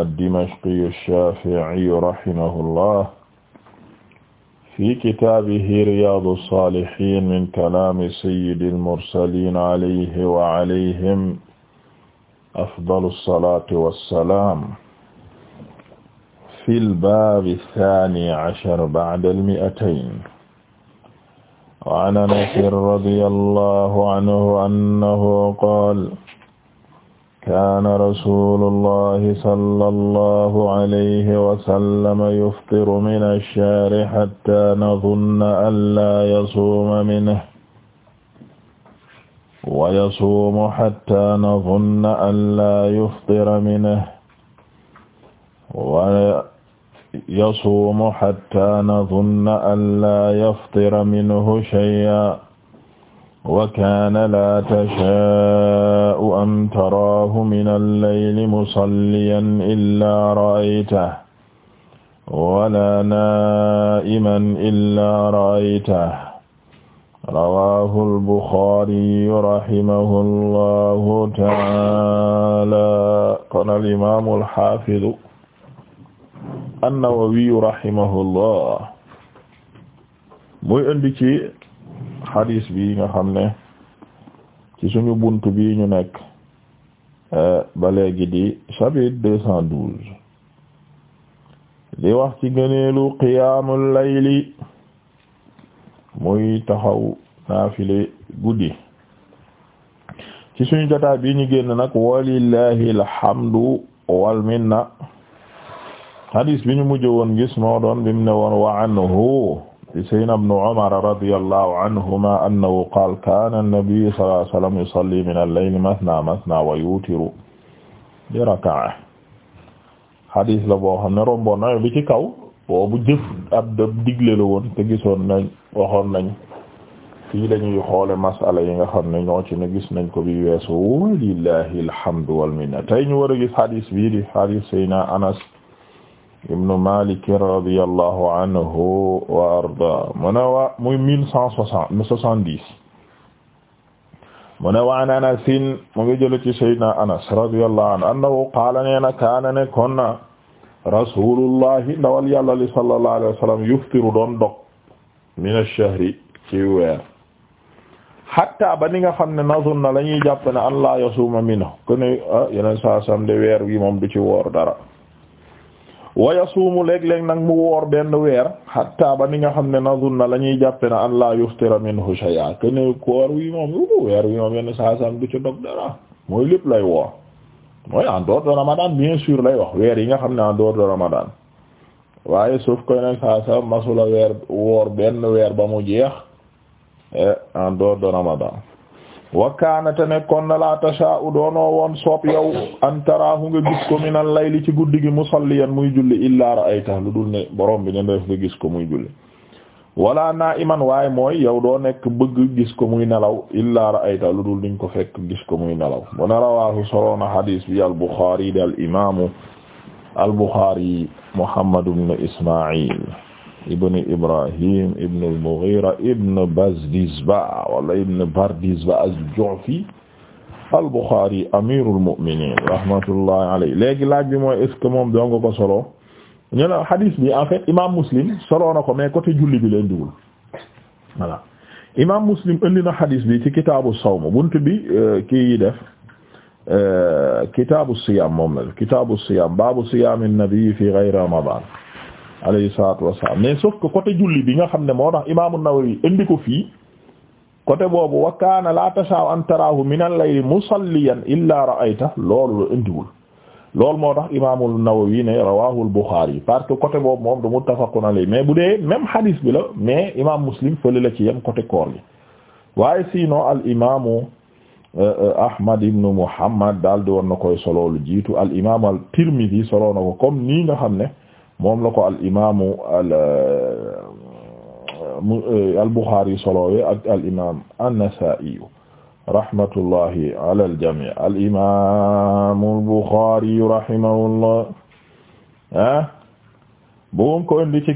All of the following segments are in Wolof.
ad-Dimashqi ash-Shafi'i rahimahullah fi kitaabihi Riyaadu s-Saalihiin min kalaami sayyidil mursaliin alayhi wa alayhim afdalu s-salaati wa s-salaam fil baabi s-saani ashar ba'dal mi'atayn wa 'an Anas radiyallahu anhu annahu qaala kaana rasuulullahi sallallahu alayhi wa sallam yuftiru mina ash-shahri hattaa nadunna an laa yasuuma minhu wa yasuumu hattaa nadunna an laa yuftira minhu wa yasuumu hattaa nadunna an laa yuftira minhu shay'an wa kaana laa tashaa'u an taraahu mina al-layli musalliyan illaa ra'aytahu wala naa'iman illaa ra'aytahu rawaahu al-Buxaariyu rahimahullahu ta'aalaa kon al-imaamu al-haafidu an-Nawawiyu rahimahullah muy indi ci xadiis bi nga xam ne ci suñu bunt bi ñu nekk eh, ba léegi di chapitre li wax ci gëneelu qiyaamul layli muy taxaw naafile guddi ci suñu jotaay bi ñu génn nag walillahi alhamdu wal minna xadiis bi ñu mujj woon gis moo doon bim ne woon wa anhu di sayyidina ibn Umar radiyallahu anhuma annahu qaala kaana an-nabiyyu sallallahu alayhi min al-layli mathnaa mathnaa wa yuutiru bi rak'a la boo xam ne romboon na bi ci kaw boobu jëf ab digle la woon te gisoon nañ waxoon nañ fii lañuy xoole masala yi nga xam ne ñoo ci ne gis nañ ko bi weesu walillahi alhamdu wal minna tey ñu gis hadis bii di hadis sayyidina Anas ibnu Malik radiyallahu anhu wa arda mu ne wa muy mille cent mu ne wa an anasin mu ngi jële ci sayyidina Anas radiyallahu anhu annahu qaala kaana ne kon na rasulullahi ndawal yàlla li sallallahu alayhi wa sallam min ash-shahri ci weer hatta ba ni nga xam ne nazun na la ñuy jàpp ne an la yasuuma minhu ko ne ah, yeneen saa sam de weer wi moom du ci woor dara waya suumu léeg-léeg nag mu woor benn weer hatta ba ni nga xam ne nazun na la ñuy jàppe na an laa yuftira minhu shay'a kene koor wi moom u weer wi moom yenn saasam du ci dog mooy lépp lay woor mooy en dehors de ramadan bien sur lay wax weer yi nga xam ne en dehors de suuf koy nag saasam woor benn weer ba mu jeex eh, en de ramadan wakaanate nekkoon na laa tashaa'u doonoo woon sopp yow an taraahu nga gis min al-layli ci guddi gi musalliyan muy julli illaa ra'aytahu lu dul ne borom bi ne ndef nga gis ko muy julli wala naa'iman waaye mooy yow doo nekk bëgg gis ko muy nelaw illaa ra'aytahu lu dul diñ ko fekk gis ko muy nelaw mu ne rawaahu soloona hadis bi al-Bukhari di al-imaamu al-Bukhari Muhammad ibn Isma'il ibn Ibrahim ibn al-Mughira ibn Bazdizba wala ibn Bardizba al-Ju'fi al-Bukhari amirul mu'minin rahmatullahi alayhi léegi laaj bi mooy est-ce que moom dong ko solo ñu ne hadith bi en fait imam Muslim solo na ko mais côté julli bi leen dugul voilà imam Muslim indi na hadith bi ci kitaabu sawm bunt bi euh, kii yi def euh, kitaabu siyam moom la kitaabu siyam baabu siyam an-nabi fi ghayri ramadan alayhi salaatu wassalaam mais sauf que côté julli bi nga xam ne moo tax imaamu Nawawi indi ko fii côté boobu wa kaana la tashaa'u an taraahu min al-layli musalliyan illaa ra'ayta loolu la indiwul loolu moo tax imaamu Nawawi ne rawaahul Buxaari parce que côté boobu moom du muttafaqun alayhi mais bu dee même hadis bi la mais imaam Muslim fële la ci yem côté koor yi waaye sinon al imaamu euh, euh, Ahmad ibn Muhammad daal di woon na koy solo lu jiitu al imaamu al Tirmidhi solo na ko comme nii nga xam ne. moom la ko al imaamu al euh, euh, al Bukhari solowee ak al imaam an-Nasa'i rahmatullahi ala al jami' al imaamu al Bukhari rahimahullah ah bu mu ko indi ci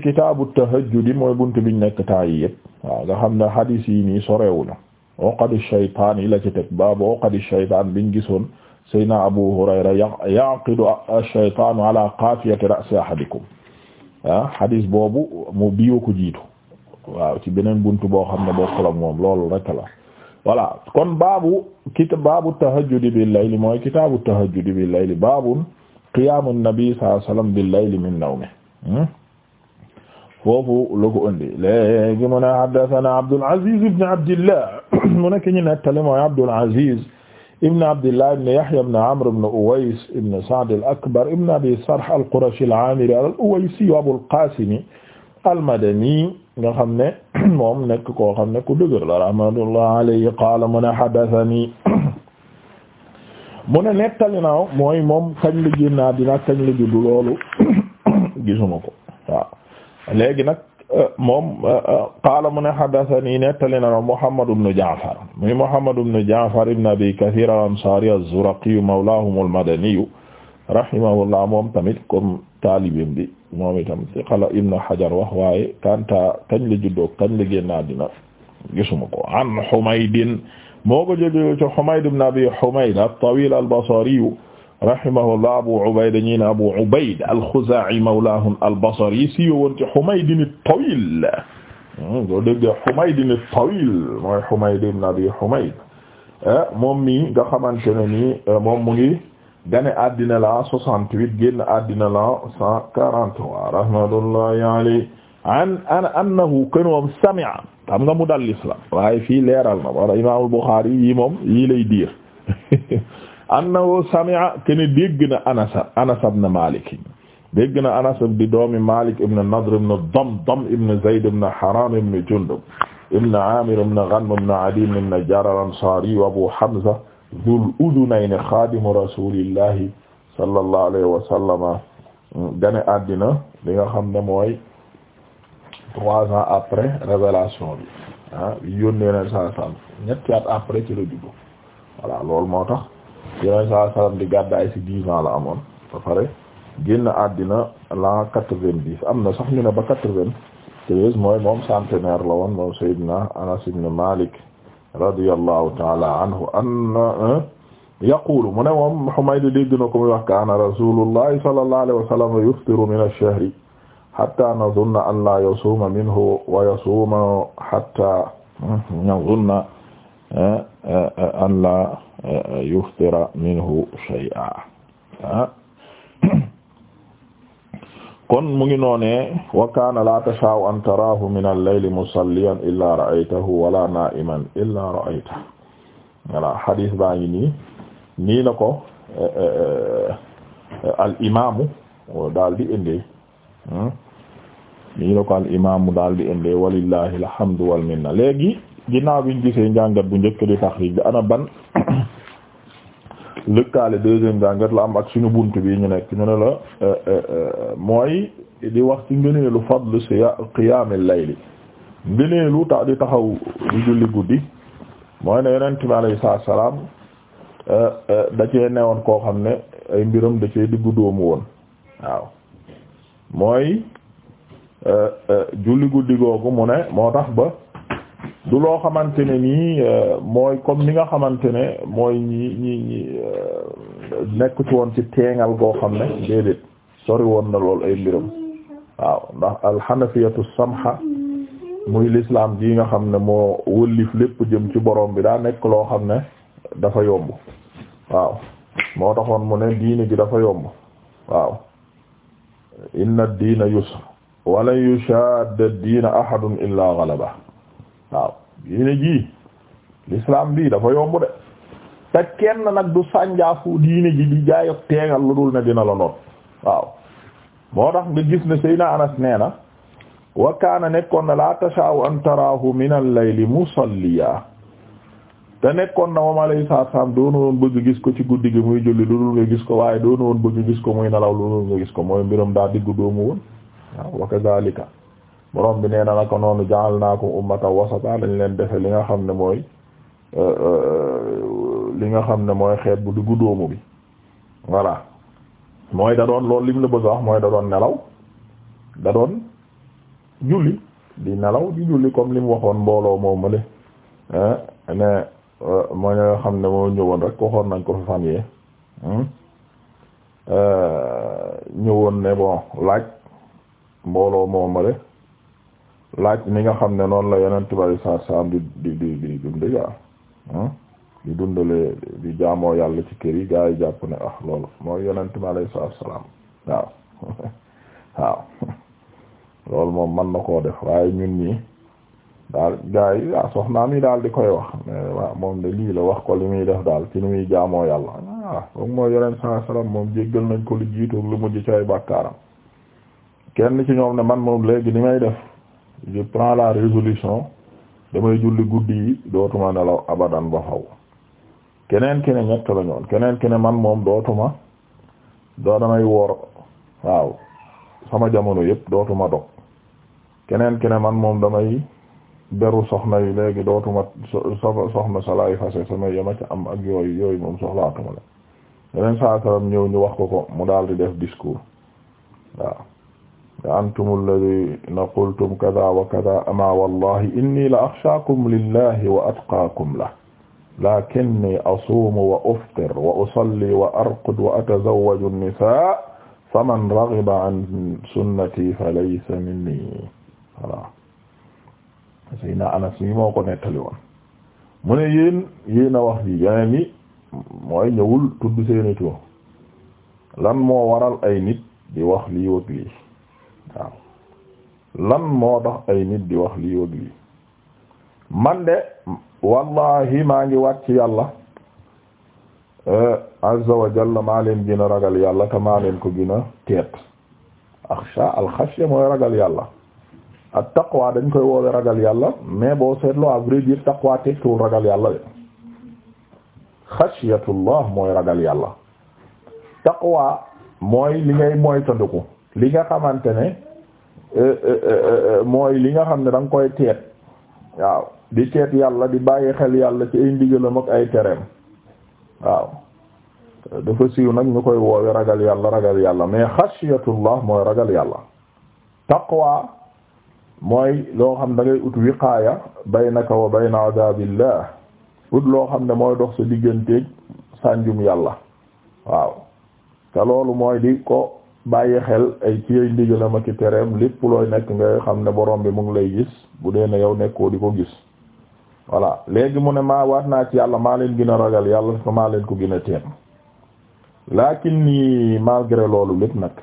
mooy buntu biñ nekk temps yii yëpp waaw nga xam ne hadis yi nii ci teg baabu uqad ash-shaytaan biñ gisoon. sayyidina Abu Hurayra yaqidu ash-shaytaanu ala qaafiyati ra'si ahadikum ah hadis boobu mu biiwa ko jiitu waaw ci beneen buntu boo xam ne bokkul ak moom loolu rek la voilà kon baabu kita baabu tahajjudi bil layli mooy kitaabu tahajjudi bil layli baabun qiyaamu nabi sallallahu alayhi wasallam bil layli min nawmi hmm? foofu la ko indi léegi mu ne haddathana Abdul Aziz ibn Abdillah mu nekk ñu nettali mooy Abdul Aziz ibn Abdillah ibn Yahya ibn Amr ibn Uways ibn Sa'd akbar ibn Abi Sarh al-Qurashi al-Amiri al-Uwaysi Abul Qasim al-Madani nga xam ne moom nekk koo xam ne ku dëgër la rahmatullah alayhi qaala mu ne hadathani mu ne nettali naaw mooy moom kañ la génn kañ la juddu loolu gisuma ko moom qaala mu ne haddathanii nettali na Muhammad ibn Ja'far muy Muhammad ibn Ja'far ibn Abi Kathir al-Ansari az-Zuraqiyu mawlaahum al-Madaniyu rahimahullah moom tamit comme taalibim bi moom itam ci xala Ibn Hajar wax waaye kanta kañ la juddoo kañ la génnaa dina gisuma ko an Humaydin moo ko jóge ci Humayd ibn Abi Humayd at-Tawil al-Basriyu rahimahullah Abu Ubayda ñi ne Abu Ubayda al-Khuzaa'i mawlaahum al-Basri si woon ci Humayd at-Tawiil hmm, doo dégg Humayd at-Tawiil mooy Humayd ibn Abi Humayd eh, moom mi nga xamante ne ni eh, moom mu ngi gane addina la 68 génn addina la 143 rahmatullahi alayhi an an annahu kon moom sami'a xam nga mudallis la waaye fii leeral na wala Imaam al-Bukhari yi moom yii lay diir annahu sami'a kene dégg na anasa anas ibn malik dégg anas di doomi malik ibn nadr ibn damdam ibn zayd ibn haram ibn jundub ibn amir ibn ghanm ibn adi ibn najjar al-ansari wa abu hamza dhul udunayn khadimu rasulillahi sallallahu alayhi wa sallama gane àddina li nga xam ne mooy trois ans après révélation bi ah yónnee na sa sam ñetti at après ci la juddu voilà loolu yeneen saa salaam di gàddaay ci dix ans la amoon ba pare génn àddina l'an quatre-vingt-dix am na sax ñu ne ba quatre-vingt-treize mooy moom centenaire la woon moom Seydina Anas ibn Malik radiyallahu ta'ala anhu anna yaqulu mu ne moom Humayd dégg na ko muy wax kaana rasulullahi sallallahu alayhi wa sallam yuftiru min ash-shahri hatta nazunna an la yasuma minhu wa yasuma hatta hmm, nazunna an la yuftira minhu shay'a ah. kon mu ngi noonee wa kaana la tashaa'u an taraahu min al-layli musalliyan illaa wala naa'iman illaa ra'aytahu voilà hadis baa ngi nii nii eh, eh, eh, hmm? ko al imaamu daal di indee nii alhamdu wal minna léegi ginnaaw biñ gisee njàngat bu njëkk di taxriij ana ban lëkkaale deuxième jàngat la am ak suñu bunt bi ñu nekk ñu ne la euh, euh, euh, mooy di wax ci ngëneelu fadl si qiyaamil layli ngëneelu ta di taxaw di julli guddi mooy ne yonent bi alayhi salaam da cee koo xam ne ay mbiram da cee diggu doomu woon waaw mooy julli guddi googu mu ne moo tax ba du loo xamante ne nii euh, mooy comme ni nga xamante ne mooy ñii ñi ñi euh, nekk ci woon ci teengal goo xam ne déedéet sori woon na lool ay mbiram waaw ndax alxanafiyatu samha muy lislaam ji nga xam ne moo wëllif lépp jëm ci borom bi daa nekk loo xam ne dafa yomb waaw moo taxoon mu ne diini gi dafa yomb waaw inna diina yusr wala yushadda diina ahadun illa ghalaba waaw yéene ji l'islam bii dafa yomb de te kenn nag du sànjaafu diine ji di jaayog teegal lu dul ne dina la noot waaw moo tax nga gis ne Seydina Anas nee na wa kaana nekkoon na laa tashaawu an taraahu min al-layli musalliya te nekkoon na moom alayhi salaam doonu woon bëgg gis ko ci guddi gi muy julli lu dul nga gis ko waaye doonu bëgg gis ko muy nelaw lu dul nga gis ko mooy mbiram daa diggu doomu woon waaw wa kadhalika borom bi nee na la naka noonu naa ja'alnaakum ummatan wasata dañ leen defe li nga xam ne mooy euh, euh, li nga xam ne mooy xeet bu diggu dóomu bi voilà mooy da doon loolu lim la bëgg wax mooy da doon nelaw da doon julli di nelaw di julli comme li mu waxoon mbooloo moo mële ne euh, moo nga xam ne moo ñëwoon rek waxoon nañ ko fi fan yee hmm, ñëwoon ne bon laaj mbooloo moo mële laaj ni nga xam ne noonu la yonent bi saa saam di di di di dunde gaa hmm? di dundale di jaamoo yàlla ci kër yi gaa yi jàpp ne ah loolu mooy yonent bi loolu moom man na koo def waaye ñun ñi daal gaa yi waaw soxnaam yi daal di koy wax mais waaw moom de lii la wax ko li muy def daal ci ni muy jaamoo yàlla waaw ah, moom mooy yonent saa salaam moom jéggal nañ ko lu jiitu lu mujj ci bàkkaaram kenn ci ñoom ne man moom léegi ni may def je prends la résolution damay julli guddi yi dootuma nelaw abadan ba xaw keneen ki ne keneen ki man moom dootuma doo damay woor waaw sama jamono yépp dootuma dog keneen ki ne man moom damay beru soxna yi léegi dootuma soxna salaay fase sama yema ci am ak yooyu yooyu moom soxlaatuma la yeneen saa salaam ñëw ñu wax ko ko mu daal di def discours waaw antum alladhina qultum kadha wa kadha ama wallahi inni la akhshaakum lillahi wa atqaakum lahu lakinni asuumu wa uftir wa usalli wa arqud wa atazawwaju an-nisaa faman raghiba an sunnati falaysa minni voilà Seydina Anas mi moo ko nettali woon mu ne yéen yéen a wax yi yeneen yi mooy ñëwul tudd seeni tur lan moo waral ay nit di wax lii wëg lii waaw lan moo tax ay nit di wax li wëgg lii man de wallahi maa ngi wàcc yàlla eh, azza wa jalla maa leen gën a ragal yàlla te maa leen ko gën a teet akhsha al mooy ragal yàlla ak taqwa dañ koy woowe ragal yàlla mais boo seetloo à vrai dire taqwa tekkiwul ragal yàlla de xasiyatullah mooy ragal yàlla taqwa mooy li ngay moytandiku li nga xamante Eh, eh, eh, mooy li nga xam ne da nga koy teet waaw di teet yàlla di bàyyi xel yàlla ci ay ndigalam ak ay tereem waaw dafa siiw nag ñu koy woowe ragal yàlla ragal yàlla mais xasiyatullah mooy ragal yàlla taqwa mooy loo xam da ngay ut wiqaaya baynaka wa bayna adabillah ut loo xam ne mooy dox sa digganteeg sànjum yàlla waaw te loolu mooy di ko bàyyi xel ay ci ay ndigalam ak i tereem lépp looy nekk nga xam ne borom bi mu ngi lay gis bu dee ne yow nekkoo di ko gis voilà léegi mu ne maa waat naa ci yàlla maa leen gën a ragal yàlla ko maa leen ko gën a teem laakin nii malgré loolu lépp nag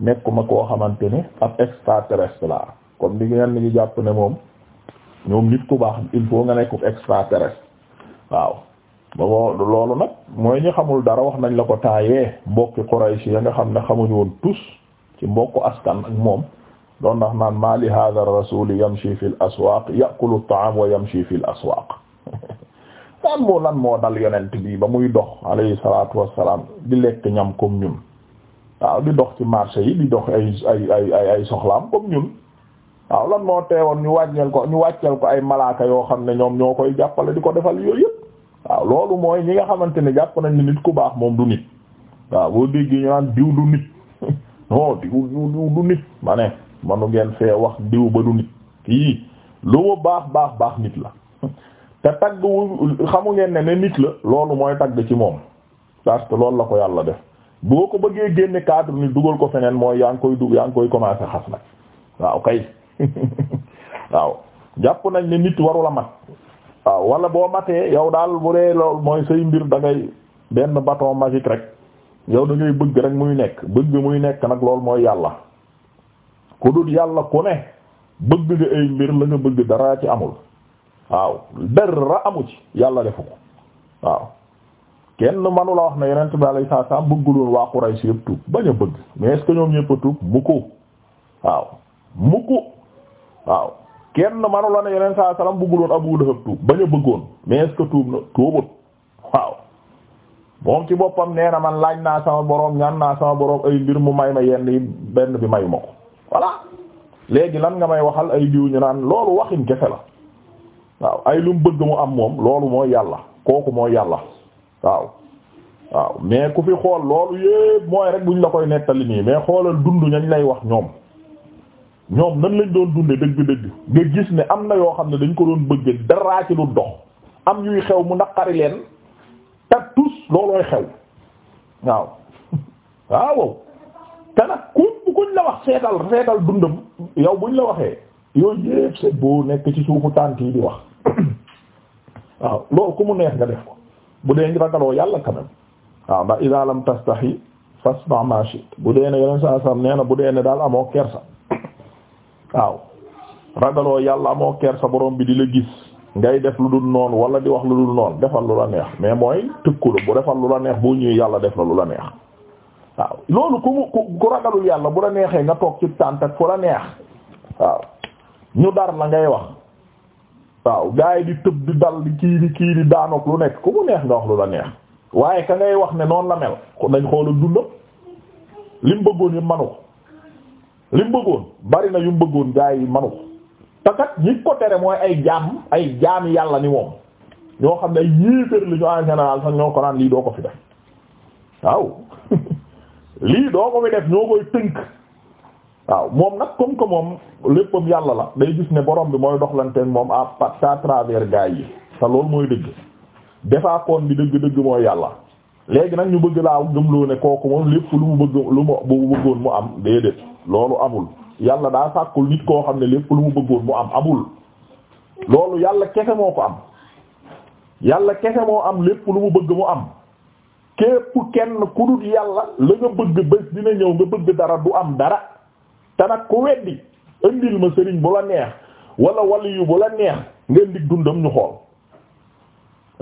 nekkuma koo xamante ne ab extraterrestre la comme ni ngeen ñu jàpp ne moom ñoom nit ku baax il faut nga nekkub extraterrestre waaw boo loolu nag mooy ñi xamul dara wax nañ la ko taayee mbokki Quraysh ya nga xam ne xamuñu woon tus ci mbokku askan ak moom doon ndax naan ma li hadha ar-rasul yamshi fi al-aswaq ya'kulu at-ta'am wa yamshi fi al-aswaq moo lan moo dal yonent bii ba muy dox alayhi salatu wassalam di lekk ñam comme ñun waaw di dox ci marché yi di dox ay ay ay ay soxlaam comme ñun waaw lan moo teewoon ñu wàññeel ko ñu wàcceel ko ay malaaka yoo xam ne ñoom ñoo koy jàppale di ko defal yooyu waaw loolu mooy ñi nga xamante ne jàpp nañ ne nit ku baax moom du nit waaw boo dégg ñu naan diw du nit non diw diw du nit ma ne manu ngeen fee wax diw ba du nit kii lu mu baax baax baax nit la te tagg xamu ngeen ne ne nit la loolu mooy tagg ci moom parce que la ko yàlla def boo ko bëggee génne cadre ni dugal ko feneen mooy yaa ngi koy dug yaa ngi koy commencer xas nag waaw kay waaw jàpp nañ ne nit warula mat waaw wala boo matee yow daal bu dee lool mooy say mbir dangay benn baton magique rek yow da ngay bëgg rek muy nekk bëgg muy nekk nag loolu mooy yàlla ku dut yàlla ku ne bëgg nga ay mbir la nga bëgg dara ci amul waaw dara amu ci yàlla defu ko waaw kenn manu la wax ne yonent bi alayhi salaam bëgguloon waa Quraysh yëpp tuub bañ a bëgg mais est-ce que ñoom ñëpp tuub mu waaw mu waaw kenn manu la ne yeneen saa salaam bëgguloon Abu Lahab tuub bañ a bëggoon mais est-ce que tuub na tuubut waaw moom ci boppam nee na man laaj naa sama boroom ñaan naa sama boroom ay mbir mu may ma yenn yi benn bi mayuma ko voilà léegi lan nga may waxal ay diw ñu naan loolu waxin kese la waaw ay lu mu bëgg mu am moom loolu mooy yàlla kooku moo yàlla waaw waaw mais ku fi xool loolu yépp mooy rek buñ la koy nettali nii mais xoolal dund ñañ lay wax ñoom ñoom nan lañ doon dunde dëgg-dëgg nga gis ne am na yoo xam ne dañ ko doon bëgg daraa ci lu dox am yuy xew mu naqari leen te tus loolooy xew waaw waaw te nag ku kuñ la wax seetal seetal dundam yow buñ la waxee yooyu yépp c'est beau nekk ci suufu tànk yi di wax waaw loolu ku mu neex nga def ko bu dee ragaloo yàlla quand même waaw ndax idaa lam tastahi fasna ma shi'ta bu dee ne yeneen saa sam nee na bu dee ne daal amoo kersa waaw ragaloo yàlla amoo ker sa borom bi di la gis ngay def lu dul noonu wala di wax lu dul noonu defal lu la neex mais mooy tëkkula bu defal lu la neex boo ñëwee yàlla def la lu la neex waaw loolu ku mu ku ragalul yàlla bu la neexee nga toog ci tànt ak fu la neex waaw ñu dar la ngay wax waaw gars yi di tëb dal di kii di kii di daanoog lu nekk ku mu neex nga wax lu la neex waaye ka ngay wax ne noonu la mel nañ xoolal dundam lim bëggoon yëpp manu li mu bëggoon bari na yu mu bëggoon gaa yi manu ko te kat ñi ko tere mooy ay jaam ay jaami yàlla ni moom ñoo xam ne ay yéeféer ñu en sax ñoo ko naan lii doo ko fi def waaw lii doo ko fi def ñoo koy tënk waaw moom nag comme que moom léppam yàlla la day gis ne borom bi mooy doxlanteen moom à part à travers gaa yi te loolu mooy dëgg defaakoon bi dëgg-dëgg mooy yàlla léegi nag ñu bëgg laa gëmloo ne kooku moom lépp lu mu bëgg lu mu bëggoon mu am déedéet loolu amul yàlla daa sàkkul nit koo xam ne lépp lu mu bëggoon mu am amul loolu yàlla kese moo ko am yàlla kese moo am lépp lu mu bëgg mu am képp kenn ku dul yàlla la nga bëgg bés dina ñëw nga bëgg dara du am dara te nag ku weddi indil ma sëriñ bu la neex wala waliyu bu la neex nga ndig dundam ñu xool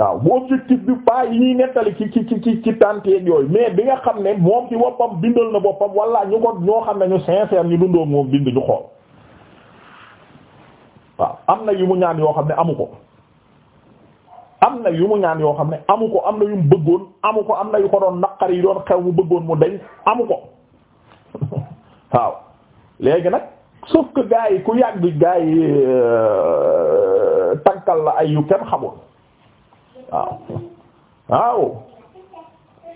waaw bu objectif bi pas yi ñuy nettali ci ci ci ci tànteeg yooyu mais bi nga xam ne moom ci boppam bindal na boppam wala ñu ko ñoo xam ne ñu sincère ñu dundoo moom bind ñu xool waaw am na yu mu ñaan yoo xam ne amu ko am na yu mu ñaan yoo xam ne amu ko am na yu mu bëggoon amu ko am na yu ko doon naqar yi doon xew mu bëggoon mu dañ amu ko waaw léegi nag sauf que gaa yi ku yàgg gaa yi euh, tankal la ay yu kenn xamul waaw waaw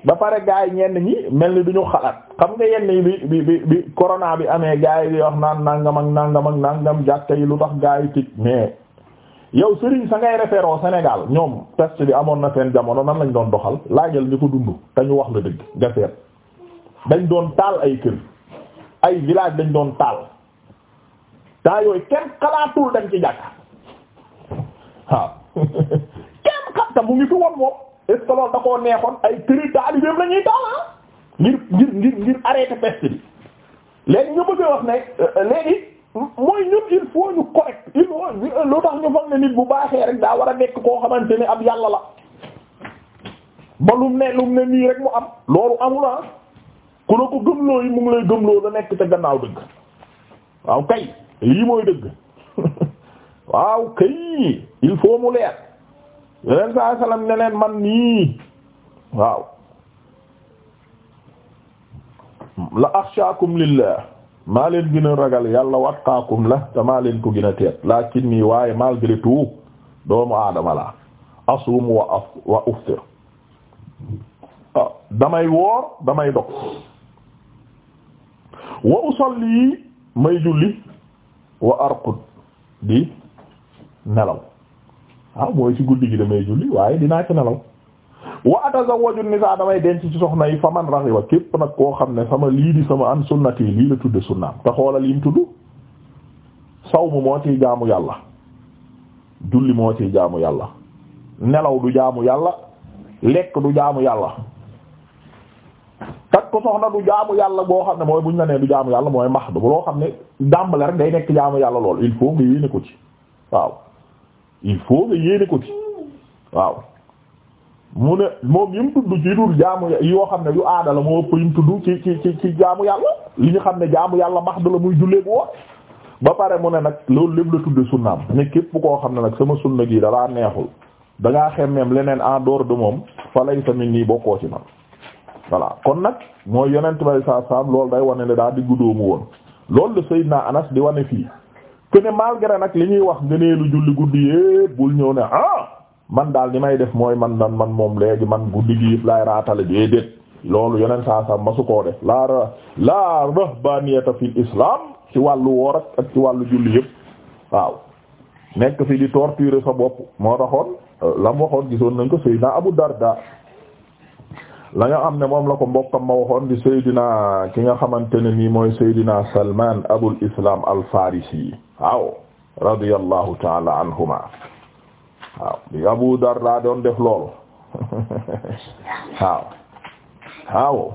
ba pare yi ñenn ñi mel ni duñu xalaat xam nga yenn yi bi bi bi corona bi amee gaa yi wax naan nangam ak nangam ak nangam jàkka yi lu tax gaay yi tëj mais yow sëriñ sa ngay référé au Sénégal ñoom test bi amoon na seen jamono nan lañ doon doxal laajal ñu ko dund te ñu wax la dëgg nga seet dañ doon taal ay kër ay village dañ doon taal temps yooyu kenn xalaatul dañ ci jàkka waaw te mu ngi fi woon moom est da koo neexoon ay këri taalibeem la ñuy taal ah. ngir ngir ngir ngir arrêté peste bi léegi ñu bëgg wax ne euh, léegi mooy ñun il faut ñu correct il faut euh, lu tax ñu foog ne nit bu baaxee rek daa war a nekk koo xamante ne ab yàlla la ba lum ne lum ne nii rek mu am loolu amula ah. ku la ko gëmloo yi mu ngi lay gëmloo da nekk ca gannaaw dëgg waaw kay lii mooy dëgg waaw kay il faut mu leer yeneen salaam ne man nii waaw la axshaakum lillah maa leen gën ragal yàlla watkaakum la te maa leen ko gën teet lakin nii waaye malgré tout doomu aadama la asum wa af wa uftir ah, damay woor damay dog wa usalli may julli wa arqud di nelaw waaw ah mooy ci guddi gi damay julli waaye dinaa ci nelaw wa atazawwaju nisaa damay denc ci soxna yi fa man raghiba képp nag koo xam ne sama lii di sama an sunnati lii la tudd sunnaam te xoolal yi mu tudd mu moo ciy jaamu yàlla julli moo ciy jaamu yàlla nelaw du jaamu yàlla lekk du jaamu yàlla takk soxna du jaamu yàlla boo xam ne mooy buñ la nee du jaamu yàlla mooy max du loo xam ne dàmbale rek day nekk jaamu yàlla lool il faut nga yéene ko ci waaw il faut nga yéene ko ci waaw mu ne moom yi tudd ci dur jaamu yoo xam ne yu aada la moo ëpp yi tudd ci ci ci ci jaamu yàlla li ñu xam ne jaamu yàlla max du la muy jullee bu ba pare mu ne nag loolu lépp la tudde sunnaam ne képp koo xam ne nag sama sunna gi dalaa neexul dangaa xemmeem leneen en door de moom fa lay tamit nii bokkoo ci man voilà kon nag mooy yonent bay saa saam loolu day wane ne daa diggu dóomu woon loolu la naa Anas di wane fii que ne malgré nag li ñuy wax ngëneelu julli guddi yépp bul ñëw ne ah man daal li may def mooy man man man moom léegi man guddi gi yëpp laay raatale déedéet loolu yeneen saa saa masu koo laa la la rahbaniyata fil islam ci wàllu woor ak ci wàllu julli yëpp waaw nekk fi di torturer sa bopp moo taxoon euh, lam waxoon gisoon nañ ko Seydina Abu Darda la nga xam ne moom la ko mbokkam ma waxoon di Seydina ki nga xamante ne nii mooy Seydina Salman Abul Islam al Farisi waaw radiyallahu taala anhuma waaw bi Abu Darda doon def loolu waaw waaw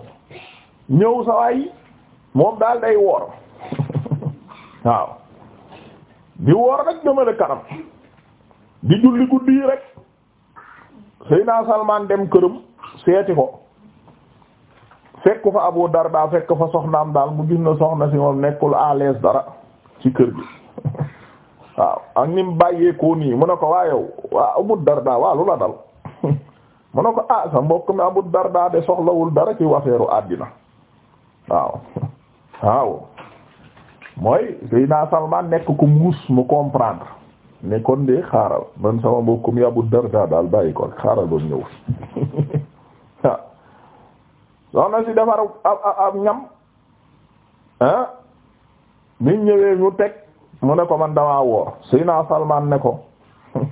ñëw sawaay moom daal day woor waaw di woor rek jëmale kanam di julli guddi yi rek Seydina Salman dem këram seeti ko fekk fa Abu Darda fekk fa soxnaam daal mu gis na soxna si moom nekkul à dara ci kër gi waaw ak ni mu bàyyeekoo nii mu ne ko waa yow waa Abu Darda waa lu la dal mu ne ko ah sa mbokk mi Abu Darda de soxlawul dara ci wafeeru àddina waaw waaw mooy suy naa Salman nekk ku muus mu comprendre ne kon de xaaral man sama mbokk mi Abu Darda daal bàyyi ko xaaral doon ñëw soxna si defar ab ab ñam ah mu ñëwee ñu teg mu ne ko man damaa woor naa Salman ne ko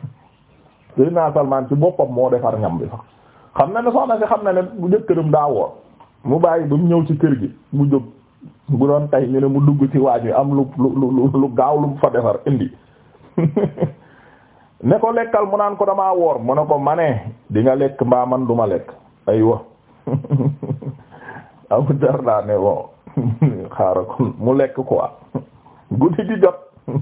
Seydina Salman ci boppam moo defar ñam bi sax xam na ne soxna si xam na ne bu jëkkëram daa woor mu bàyyi ba mu ñëw ci kër gi mu jóg bu doon tay ñu ne mu dugg ci waaj wi am lu lu lu lu gaaw lu fa defar indi ne ko lekkal mu naan ko damaa woor mu ne ko manee di nga lekk mbaa man duma lekk aywa Abu Darda ne bon xaaral mu lekk ko ah. guddi di jot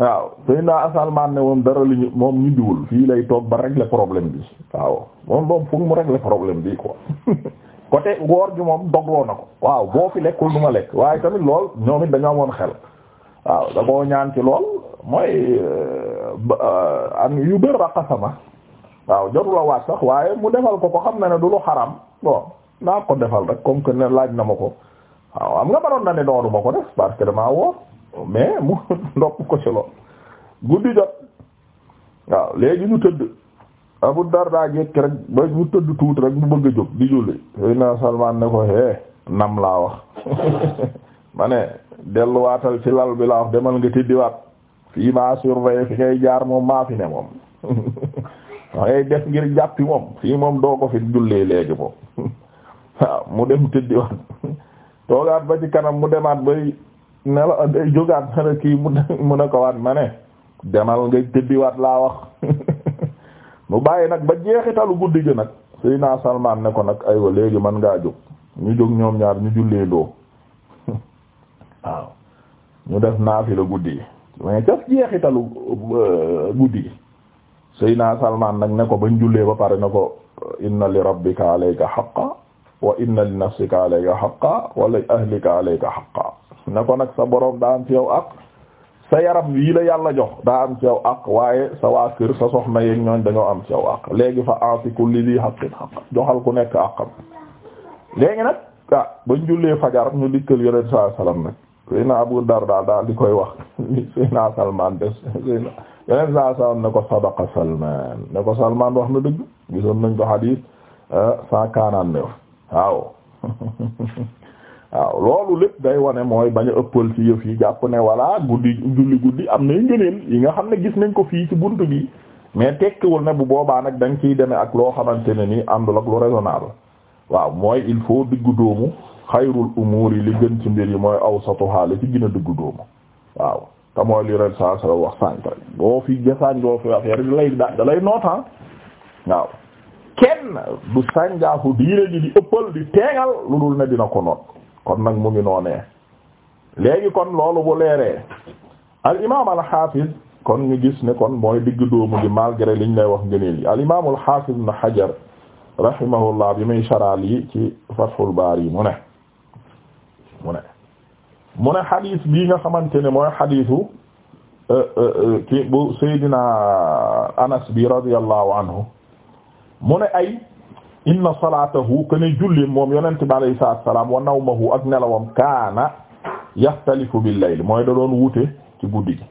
waaw sëy naa asalmaan moom dara li ñu moom ñu diwul fii lay toog ba régler problème bi waaw moom moom foog mu régler problème bi quoi côté góor gi moom dogloo na ko waaw boo fi lekkul du ma lekk waaye tamit lool ñoom it dañoo amoon xel waaw da koo ñaan ci lool mooy yu bër a waaw jotula waat sax waaye mu defal ko ko xam na ne du lu xaram bon naa ko defal rek comme que ne laaj na ma ko waaw am nga baroon na ne dooru ma ko def parce que damaa woor mais mu ndopp ko ci lool guddi jot waaw léegi ñu tëdd Abu daa jekk rek ba mu tëdd tuuti rek mu bëgg a jóg di julli sëy na Salman ne ko hee nam laa wax ma ne delluwaatal ci lal bi laa wax demal nga tëddiwaat fii maa surveillé fi ngay jaar moom maa fi ne moom waaye def ngir jàppi moom fii moom doo ko fi jullee léegi moom waaw mu dem tëddiwaat toogaat ba ci kanam mu demaat bay nela day jógaat na kii mu mu ne ko waat ma ne demal nga tëddiwaat laa wax mu bàyyi nag ba jeexitalu guddi gi nag suy naa Salmaan ne ko nag aywa léegi man ngaa jóg ñu jóg ñoom ñaar ñu jullee doo waaw ñu def naafila guddi yi mais ca jeexitalu euh, guddi gi Seydina Salman nag ne ko bañ jullee ba pare na ko inna li rabbika alayka haqqan wa inna li nafsika alayka haqqan wa li ahlika alayka haqqan ne ko nag sa borom daa am ci yow ak sa yaram yii la yàlla jox daa am ci yow ak waaye sa waa kër sa soxna yeeg ñooñ dañoo am ci yow ak léegi fa a'ti kulli dhi haqqin haqqan joxal ku nekk àqam léegi nag ah bañ jullee fajar ñu dikkal yonent sallallahu alayhi wasallam nag Seydina Abu Darda daal di koy wax yeneen saa salaam ne ko sadaqa Salman ne ko Salman wax na dëgg gisoon nañ ko hadith ah, cent quarante neuf waaw waaw loolu lépp day wane mooy bañ a ëppal ci yëf yi jàpp ne voilà guddi julli guddi am na ngëneel yi nga xam ne gis nañ ko fii ci buntu bi mais tekkiwul ne bu boobaa nag da nga ciy ak loo xamante ne nii àndul ak lu raisonnable waaw mooy il faut diggu dóomu xayrul umuur yi li gën ci mbir yi mooy awsatuha la ci gën a diggu dóomu waaw te mooy li ren saa sara wax sànq rek boo fi jasaañ boo fi affaire da lay da ah. lay kenn du sànjaafu diine ji di ëppal di teegal lu dul ne dina ko noot kon nag mu ngi noonee léegi kon loolu bu leeree al imaam al xaafiz kon ñu gis ne kon mooy digg dóomu gi malgré liñ lay wax ngëneel yi al imaam al xaafiz ibn Hajar rahimahullah bi muy saraal yi ci Fathul Baari mu ne mu ne mu ne xadis bii nga xamante ne mooy xadisu euh, euh, euh, ki bu Seydina Anas bi radiyallahu anhu mu ne ay inna salaatahu kene julli moom yonente bi alayhi salaatu wa salaam wa nawmahu ak nelawam kaana yaxtalifu bil layl mooy da doon wuute ci guddi gi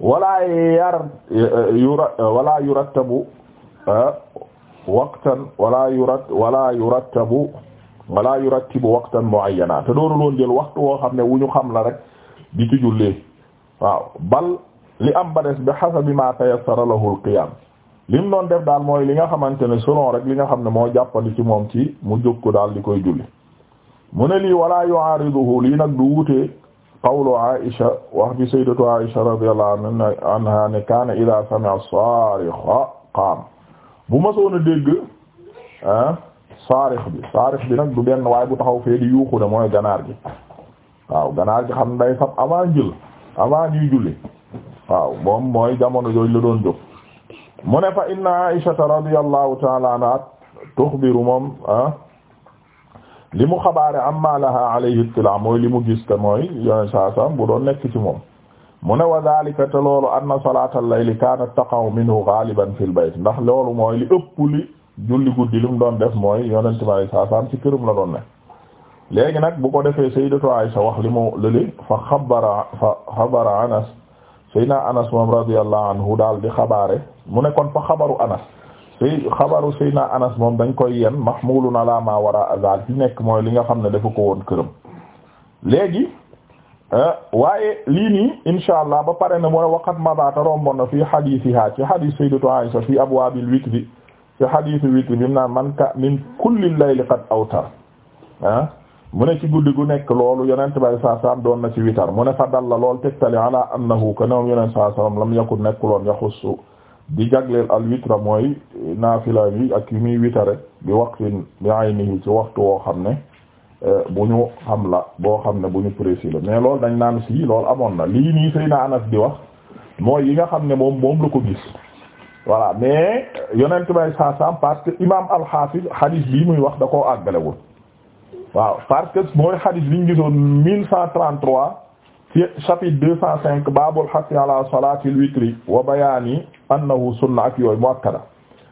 wala yar yura wala yurattabu waqtan wala yurat wala yurattabu wala yurattibu waqtan muayyana te doorul woon jël waxtu woo xam ne wu ñu xam la rek di ci jullee waaw bal li am ba des bi hasabi ma tayassara lahu al-qiyam lim def daal mooy li nga xamante ne selon rek li nga xam ne moo jàppandi ci moom ci mu jóg ko daal di koy julli mu ne li wala yu'ariduhu lii nag du wuute qawlu Aisha wax bi sayyidatu Aisha radiyallahu anha ne kaana idha sami'a as-sarikha qaam bu ma soona dégg ah, saarix bi nag du benn waay bu taxaw fee di yuuxu mooy ganaar gi waaw ganaar gi xam day fab avant njël avant ñuy julli moom mooy jamono jooju la doon jóg mu ne fa inna aishata radiyallahu ta'ala anha tuxbiru moom ah li mu xabaare amma laha alayhi ittila mooy li mu gis te mooy yoneen saa bu doon nekk ci moom mu wa dhalika te loolu anna salaatal layli taqa'u minhu ghaliban fil bayt ndax loolu mooy li ëpp li julli guddi lu mu doon def mooy yonent bi alayhi salaam ci këram la doon ne léegi nag bu ko defee sayyidatu Aisha wax li mu lële fa xabara fa xabara Anas sayyidina Anas moom radiyallahu anhu daal di xabaare mu ne kon fa xabaru Anas say xabaru sayyidina Anas moom dañ koy yen mahmulun ala ma wara azal ci nekk mooy li nga xam ne dafa ko woon këram léegi euh, waaye lii nii insha ba pare ne mooy waqat mabata rombon na fii hadisiha ci hadis sayyidatu Aisha fii ci xadiisu witr bi mu naan man ka min kulli layli qad awtar ah mu ne ci guddi gu nekk loolu yonent bi saa saam doon na ci witar mu ne fa dal la lool tegtali ala annahu que yenen yonent saa saam lam yakun nekkuloon yaxussu di jagleel al witra mooy naafila bi ak yu muy rek bi waqtin bi aynihi ci waxtu woo xam ne eh, bu ñu xam la boo xam ne bu ñu précis la mais loolu dañ naan si lool amoon na lii nii Seydina Anas di wax mooy yi nga xam ne moom moom la ko gis. voilà mais yonent bay saasam parce que imam al-Hafiz hadith bi muy wax da koo àggalewul waaw parce que mooy hadith bi ñu gisoon mille cent trente-trois ci chapitre deux cent cinq babul hassi ala salatil bayani annahu sunna ak yooyu muakkada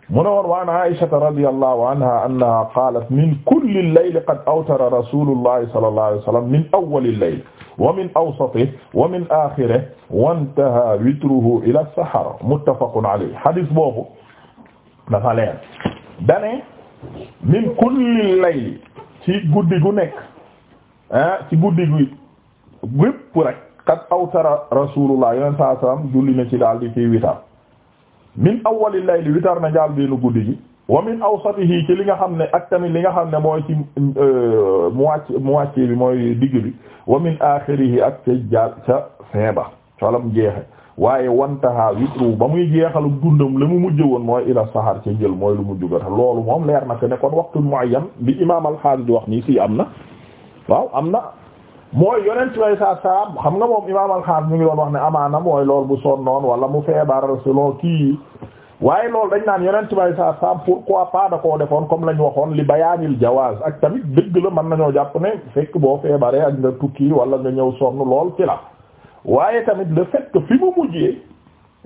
mu ne woon wa an aishata radiyallahu anha annaha qalat min kulli layli qad awtara rasulullahi sallallahu alayhi wa sallam min awwali layl wa min awsatihi wa min akhirihi wantaha witruhu ila sahar muttafaqun alayhi hadis boobu dafa leer dane min kulli layli ci guddi gu nekk ah ci guddi gu gépp rek qad awtara rasulullah sallallahu alayhi wa sallam julli na ci daal di ciy witar min awwalil layli witar na njaal beenu guddi gi wa min awsatihi ci li nga xam ne ak tamit li nga xam ne mooy ci moitié euh, moitié bi mooy digg bi wa min axirihi ak ca jaal ca fin ba colam jeexe waaye wantaha witru ba muy jeexalu dundam la mu mujj woon mooy ila sahar ca jël mooy lu mu gata loolu moom leer na ko ne kon waxtu muayyan bi imaam al wax nii fii am na waaw am na mooy yonent lay saa saam xam nga moom imaam alxames ñu ngi wax ne amaana mooy lool bu sonnoon wala mu feebar selon kii waaye loolu dañ naan yonent lay saa saam pourquoi pas da koo defoon comme lañ waxoon li bayaanil jawaaz ak tamit dëgg la mën nañoo jàpp ne fekk boo feebaree ak nga tukki wala nga ñëw sonn lool ci waaye tamit le fait que fi mu mujjee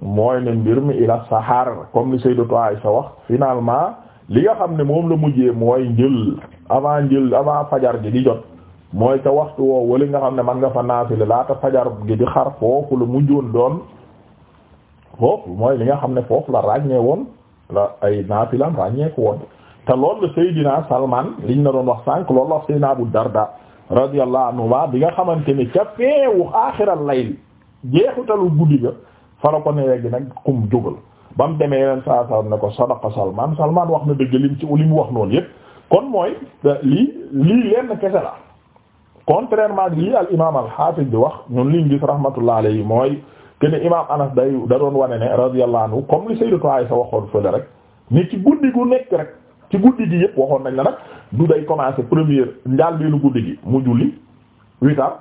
mooy ne mbir mi ila sahar comme ni Sayyidatu Aisha wax finalement li nga xam ne moom la mujjee mooy njël avant njël avant fajar ji di jot. mooy ca waxtu woowu wali nga xam ne man nga fa naafile laata fajar gi di xar foofu la mujjoon doon foofu mooy li nga xam ne foofu la ràññee woon la ay naafilam ràññee ko woon te lool la Seydina Salman liñ na doon wax sànq loolu la wax Seydina Abu Darda radiyallahu bi nga xamante ni ca feewu aaxiral layl jeexutalu guddi ga fa la ko ne léegi nag xum jógal ba mu demee yeneen saa saa ne ko sadaqa Salman Salman wax na dëgg lim ci lim wax noonu yëpp contrairement ak lii al imaam al bi wax ñun liñ gis rahmatullah alayhi mooy kene imaam Anas day da doon wane ne radiyallahu anhu comme li Sayyidatu Aysa waxoon fële rek ni ci guddi gu nekk rek ci guddi gi yëpp waxoon nañ la nag du day commencer première njaal lu guddi gi mu julli witar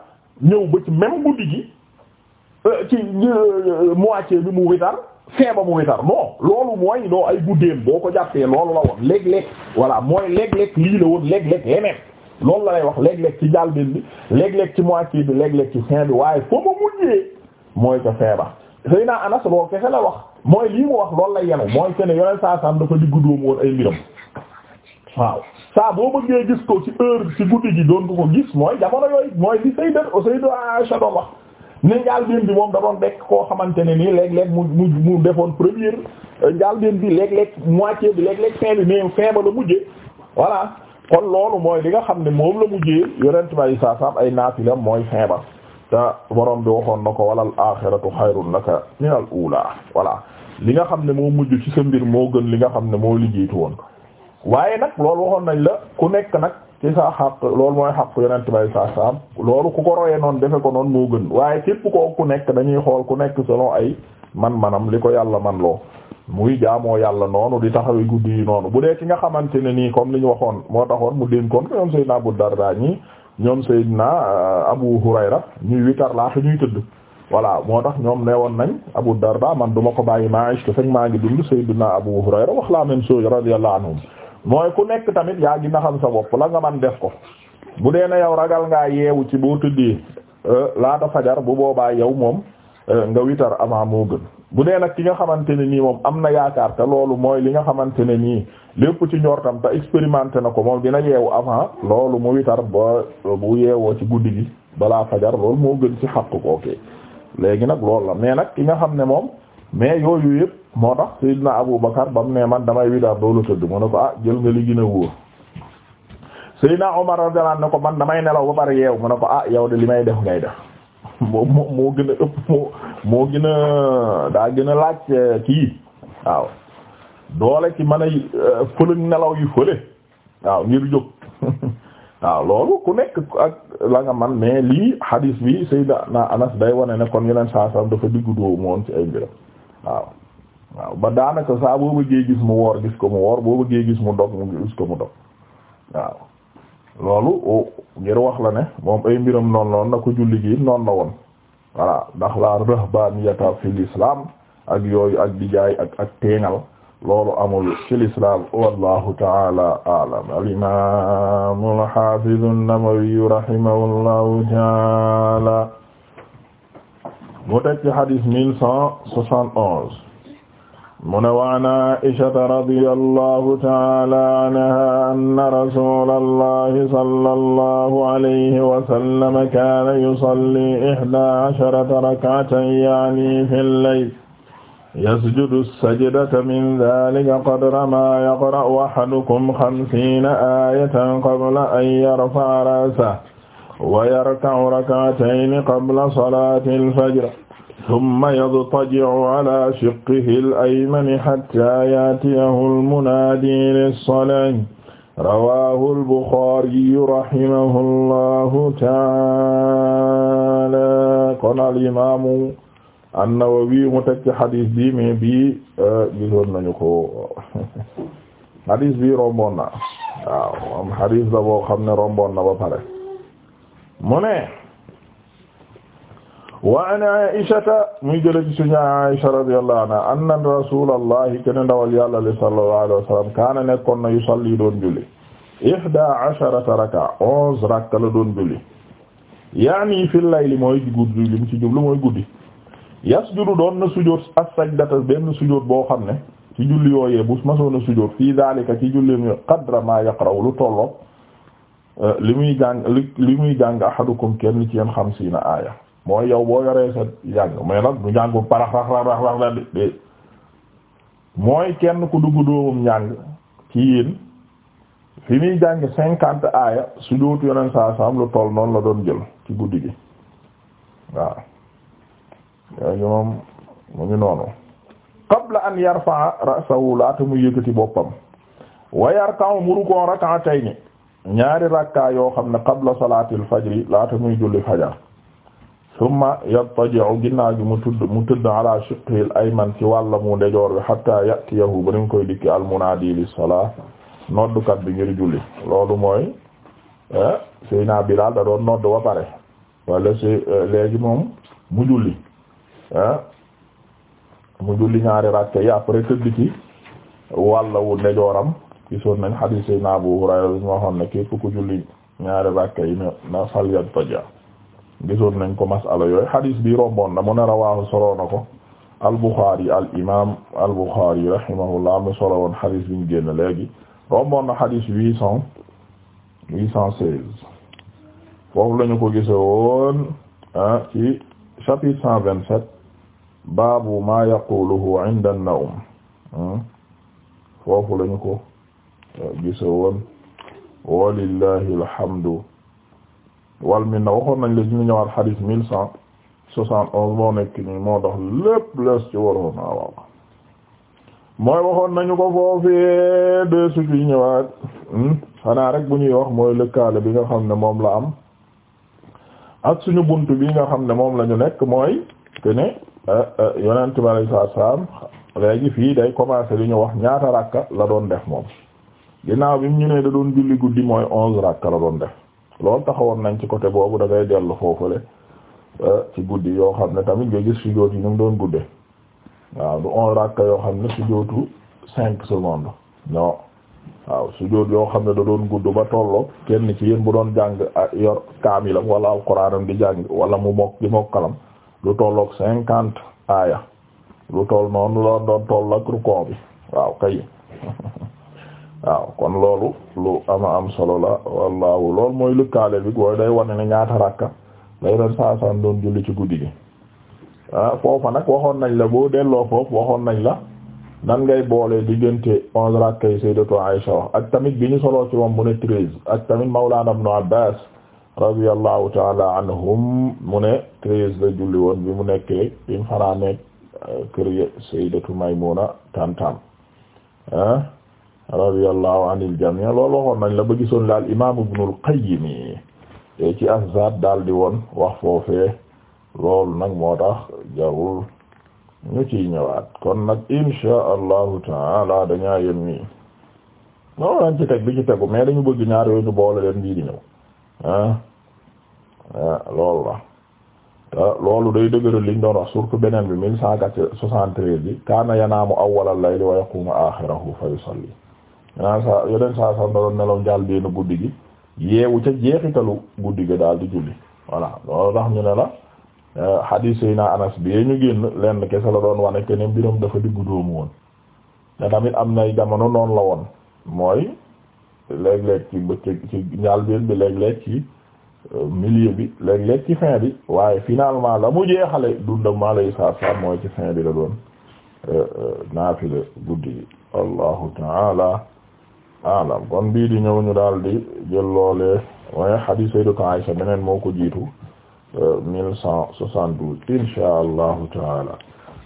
ñëw ba ci même guddi gi mu euh, euh, moitié bi mu witar feeba mu witar non loolu mooy doo ay guddeem boo ko jàppee loolu la woon léeg-léeg voilà mooy léeg-léeg lii la loolu la lay wax léeg-léeg ci jàlbin bi léeg-léeg ci moitié bi léeg-léeg ci fin bi waaye foo mujjee mooy ca fin ba sëy naa anas loolu kese la wax mooy lii mu wax lool la yenu mooy ke ne yoneen saa sam dafa diggu dóomu woon ay mbiram waaw saa boo bëggee gis ko ci heure ci guddi gi doon ko gis mooy jamono yooyu mooy li sayyidat sayyidu Aisha doon wax ne njàlbéen bi moom da doon dekk koo xamante ne nii léeg-léeg mu mu mu defoon première euh, njàlbéen bi léeg-léeg moitié bi léeg-léeg fin bi mais fin ba la mujjee voilà kon loolu mooy li nga xam ne moom la mujjee yonent bi saa saam ay la mooy fin te borom bi waxoon na ko walal axiratu xayrun laka minal uula voilà li nga xam ne moo mujj ci sa mbir moo gën li nga xam ne moo liggéeytu woon waaye nag loolu waxoon nañ la ku nekk nag. ci sa xaq loolu mooy xaq yonent bay sa saam loolu ku ko royee noon defe ko noon moo gën waaye képp koo ku nekk dañuy xool ku nekk selon ay man-manam li ko yàlla man loo muy jaamoo yàlla noonu di taxawee guddi yi noonu bu dee ki nga xamante ne nii comme li ñu waxoon moo taxoon mu dénkoon ko ñoom Seydina Abu Darda ñi ñoom Seydina uh, Abu Hurayra ñuy witar laata ñuy tëdd voilà moo tax ñoom ne woon nañ Abu Darda man du ma ko bàyyi maa ngi fekk maa ngi dund Seydina Abu Hurayra la même chose radiyallahu anhum mooy ku nekk tamit yaa gën a xam sa bopp la nga man def ko bu dee na yow ragal ngaa yeewu ci boo tëddee euh, laata fajar bu boobaa yow moom euh, nga witar avant moo gën bu dee nag ki nga xamante ne nii moom am na yaakaar te loolu mooy li nga xamante ne nii lépp ci njortam te expérimenté na ko moom dina yeewu avant loolu mu witar ba euh, bu yeewoo ci guddi gi balaa fajar loolu moo gën ci xaq kookee léegi nag loolu la mais nag ki nga xam ne moom mais yooyu yëpp moo tax Seydina Abu Bakar ba ne man damay widaar doolu tëdd mu ne ko ah jël nga li gën a wóor Seydina Omar radiyallahu anhu ne ko man damay nelaw ba bari yeew mu ne ko ah yow de li may def ngay def moo moo gën a ëpp moo gën a daa gën a laaj eh, kii waaw doole ci mën a eh, fëlëg nelaw yu fële waaw ngir jóg waaw loolu ku nekk ak la nga man mais lii hadis bi Seydina Anas day wane ne kon yeneen saa saa dafa diggu doomu woon ci ay mbiram waaw waaw ba daanaka saa boo bëggee gis mu woor gis ko mu woor boo bëggee gis mu dog mu gis ko mu dog waaw loolu ngir wax la ne moom ay mbiram noonu noonu na ko julli gi noonu la woon voilà ndax la rahbaniyata fil islam ak yooyu ak dijaay ak ak teeŋal loolu amul ci lislaam wallahu taala aalam al-imaam al-haafiz an mu teg ci hadis mu ne waan Aisha radiyallahu ta'ala anha anna rasulallahi sallallahu alayhi wa sallam kaana yusalli ihdaa asharata rak'atan ya'ni fil layl yasjudu sajdata min dhaalika qadra maa yaqra'u ahadukum xamsiina aayatan qabla an yarfa'a ra'sahu wa yarka'u rak'atayni qabla salaatil fajr summa yadtaji'u ala shiqqihi al-aymani hattaa ya'tiyahu al-munaadii lis-salaati rawaahu al-Buxaari rahimahu llaahu ta'aalaa kon al-imaamu an-Nawawi mu teg ci xadis bi mais bii euh, gisoon nañu ko xadis bi romboon na waaw am xadis la boo xam ne romboon na ba pare mu ne wa an aishata muy jële ci suñu aisha radiyallahu anha anna rasulallahi kene ndawal yàlla li sallallahu alayhi wa sallam kaana nekkoon na yusalli doon julli ihda asharata raka onze rakka la doon julli yaani fi layli mooy guddi lim ci jublu mooy guddi yasjudu doon na sujóot as-sajdata benn sujóot boo xam ne ci julli yooyee bu masoon a sujóot fii daalika ci julli qadra ma yaqra'u lu tolloo li muy jàng li muy jàng ahadukum kenn ci yeen xamsiina aaya mooy yow boo yoree sa jàng mais nag du njàngu parax rax rax rax rax mooy kenn ku dugg dóomam njàng ci yéen fi muy jàng cinquante aaya su dootu yoneen saa saam lu toll noonu la doon jël ci guddi gi waaw ngi noonu qabla an yarfa ra'sahu laata mu yëkkati boppam wa yarka'u mu rukoon rak'atayni ñaari rakka yoo xam ne qabla salaatil fajri laata muy julli fajar summa yattaji'u ginnaaw gi mu tudd mu tëdd ala shiqqihi al-ayman ci wàllamu ndejoor bi hatta ya'tiyahu ba koy dikki al-munaadi lis-salaa noddukat bi ngir julli loolu mooy eh, Seydina Bilaal da doon nodd ba pare wala si eh, léegi moom eh, mu julli ñaari rakka yi après tëdd ci wàllawu ndejooram ci soon nañ hadiis Seydina Abu Hurayra bi ma xam ne képp ku julli ñaari rakka yi na fal yattaji' gisoon nañ ko masala yooyu hadis bi romboon na mu ne rawaahu solo na ko al-Bukhari al imaam al-Bukhari rahimahullah mu solo woon hadis bi ñu génn léegi romboon na hadis huit cent huit cent seize foofu la ko gise woon ah, ci chapitre cent vingt sept baabu maa yaquluhu inda an-nawm hmm? foofu la ko eh, gise woon walillahi alhamdu wal min na waxoon nañ la ñu ñëwaat xadis mille cent soixante onze moo nekk nii moo dox lépp lees ci waroon naa waaw mooy waxoon nañu ko foofee de su ñëwaat hmm? xanaa rek bu ñuy wax mooy lëkkaale bi nga xam ne moom la am ak suñu bunt bi nga xam ne moom la ñu nekk mooy te ne euh, euh, yonent bi alayhi salaam léegi fii day commencer li ñu wax ñaata rakka la doon def moom ginnaaw bi mu ñu ne da doon julli guddi mooy onze rakka la doon def loolu taxawoon nañ ci côté boobu dangay dellu dellu foofule eh, ci guddi yoo xam ne tamit nga gis sujjóot yi ñu ngi doon guddee waaw du on rakka yoo xam ne sujjóotu cinq secondes non waaw sujjóot yoo xam ne da doon gudd ba tolloo kenn ci yéen bu doon jàng ah, yor kaamilam wala alxuraanam di jàng wala mu mokk di mokkalam lu tollook cinquante aaya lu toll noonu la doon toll ak rukkoo bi waaw kay waaw kon loolu lu ama am solo la wallaahu loolu mooy lëkkaale bi booy day wane na ñaata rakka lay doon saasaan doon julli ci guddi gi ah foofa nag waxoon nañ la boo delloo foofu waxoon nañ la nan ngay boolee diggante onze rakka yi sayyidatu wax ak tamit bi ñu soloo ci moom mu ne treize ak tamit Mawlana Ibn Abbas radiyallahu taala anhum mu ne treize la julli woon bi mu nekkee bi mu fanaanee kër sayyidatu Maymuna tantam ah radiyallahu anil jami' loolu waxoon nañ la ba gisoon la al imam ibn al qayyim ci azad daal di woon wax foofee loolu nag moo tax jarul ñu ci ñëwaat kon nag insha allahu taala dañaa yem nii loolu lañ ci teg bi ci tegu mais dañu bëgg ñaar yooyu ñu boole leen bii di ñëw ah, ah, loolu la te loolu day dëgëral liñ doon wax surtout beneen bi mille cent soixante-treize bi kaana yanaamu awwalal layli wa yaqumu aaxirahu fa yusalli yeneen saa yeneen saa sax da doon nelaw njaal guddi gi yeewu ca jeexitalu guddi ga daal di julli voilà loolu tax ñu ne la hadis euh, yi naa anas bi ñu génn lenn kese la doon wane que ne mbiram dafa diggu dóomu woon te tamit am nay jamono noonu la woon mooy léeg-léeg ci bëccëg ci njaal benn bi léeg ci euh, milieu bi léeg-léeg ci fin bi waaye finalement la mu jeexale dundam alayhi salaam mooy ci fin bi la doon euh, naafila guddi gi allahu taala alam kon bii di ñëw ñu daal di jël loolee waaye hadith sayyidatu Aisha beneen moo ko jiitu mille cent soixante-douze insha allahu taala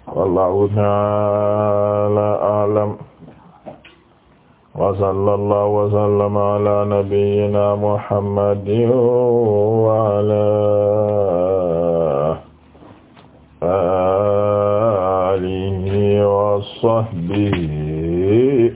wallahu taala alam wa sallallahu wa sallama ala nabiyyina muhammadin wa ala alihi wa sahbihi